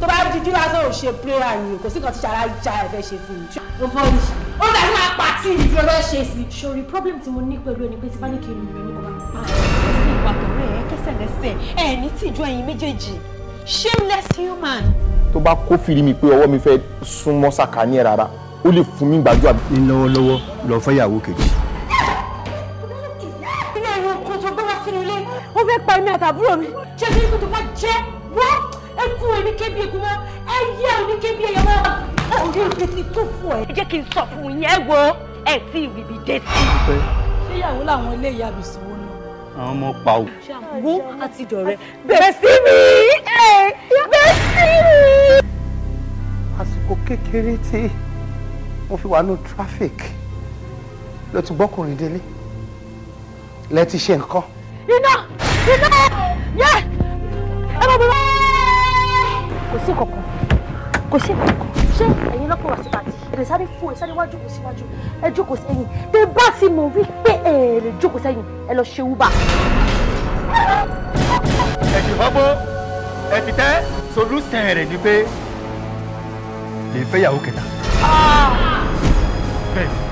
tó bá di kí lásán ò ṣe prayer yìí kò sí kan tí sara ja ẹ fẹ́ ṣe fún mi. mo fọ́ ní ṣe. ó dà sí máa pàtí ìdí ọlọ́ ṣe sí. sori problem tí mo ní pẹ̀lú ẹni pé tí bá ní kí n lù ẹni kò bá ń pa ẹ̀sìn ìwà ọ̀rẹ́ ẹ kẹsẹ̀lẹsẹ̀ ẹ ní tìjú ẹ̀yin méjèèjì shameless human. tó bá kófìrí mi pé ọwọ́ mi fẹ́ súnmọ́ sàkání ẹ̀ rárá ó lè fún mi gbàdúrà. ní lọ́wọ́lọ́wọ́ lọ fẹ́yàwó kejì. ilé ẹ̀rọ kò tó gbé wá sínú ilé ó fẹ́ pa ẹ̀mí àtàbúrò mi. jẹ́ kí n kò tó bá jẹ́ wọ́n eku oníkébí eku mọ́ ẹyẹ oníkébí ẹyẹ mọ́ orí oge ti kú fún ẹ. ẹ jẹ́ kí n sọ fún yín ẹ wo ẹ tí ìwé dé sí. ṣé ìyàwó làwọn ilé ìyá náà. àwọn ọmọ pa o. wo àti dọ̀rẹ́ bẹ̀rẹ̀ sí mi bẹ̀rẹ̀ sí mi. àsìkò kékeré tí mo fi wà ní traffic ló ti gbọ́kùnrin délé lẹ́ẹ̀ ṣe nǹkan. iná iná. sí kankan kò sí kankan ṣé ẹ̀yin lọ́pọ̀ wá sí pàtì èrè sáré fún ẹ sáré wájú kò síwájú ẹ jókòó sẹ́yìn tẹ bá ti mọ̀ wípé ẹ lè jókòó sẹ́yìn ẹ lọ ṣe wúbà. ẹ̀sìn fọ́gbó ẹ̀sìn tẹ́ solúsẹ̀ rẹ̀ ni pé lè fẹ́ yàwó kẹta. Ah! bẹ́ẹ̀ ni.